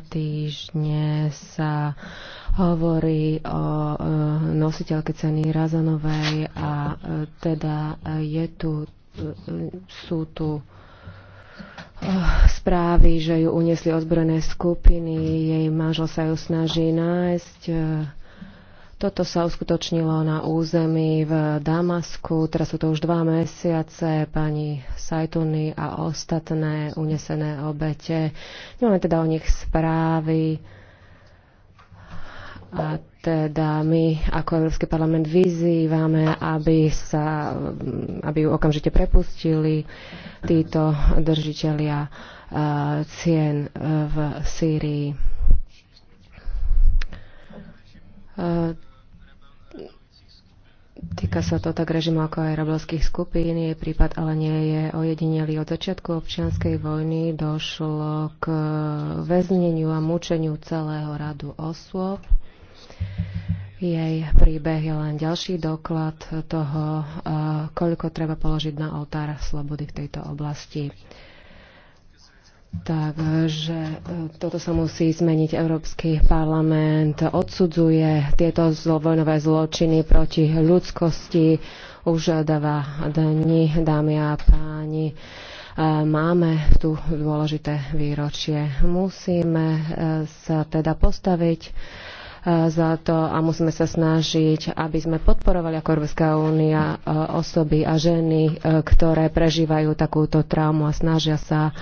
týždne sa hovorí o e, nositeľke ceny Razanovej a e, teda je tu, e, sú tu správy, že ju uniesli ozbrojené skupiny, jej manžel sa ju snaží nájsť toto sa uskutočnilo na území v Damasku. Teraz sú to už dva mesiace. Pani Sajtuny a ostatné unesené obete. Nemáme teda o nich správy. A teda my ako Európsky parlament vyzývame, aby, sa, aby ju okamžite prepustili títo držiteľia e, cien e, v Sýrii. E, Týka sa to tak režimu ako aj rebelských skupín. Jej prípad ale nie je ojedinelý. Od začiatku občianskej vojny došlo k e, väzneniu a mučeniu celého radu osôb. Jej príbeh je len ďalší doklad toho, e, koľko treba položiť na oltár slobody v tejto oblasti. Takže e, toto sa musí zmeniť. Európsky parlament odsudzuje tieto vojnové zločiny proti ľudskosti už dva dni, dámy a páni e, máme tu dôležité výročie. Musíme e, sa teda postaviť za to a musíme sa snažiť, aby sme podporovali ako Európska únia osoby a ženy, ktoré prežívajú takúto traumu a snažia sa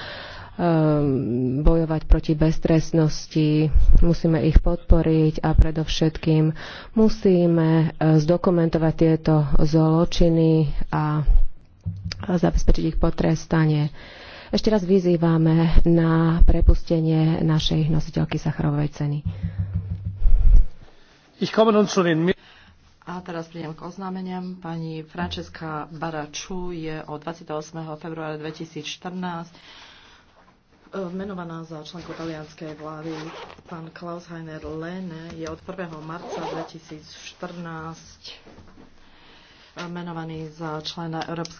Ehm, bojovať proti beztrestnosti, musíme ich podporiť a predovšetkým musíme e, zdokumentovať tieto zločiny a zabezpečiť ich potrestanie. Ešte raz vyzývame na prepustenie našej nositeľky Sacharovej ceny. A teraz prídem k oznámeniam. Pani Francesca Baraču je od 28. februára 2014 Eh, menovaná za členku talianskej vlády. Pán Klaus Heiner Lene je od 1. marca 2014 eh, menovaný za člena Európskej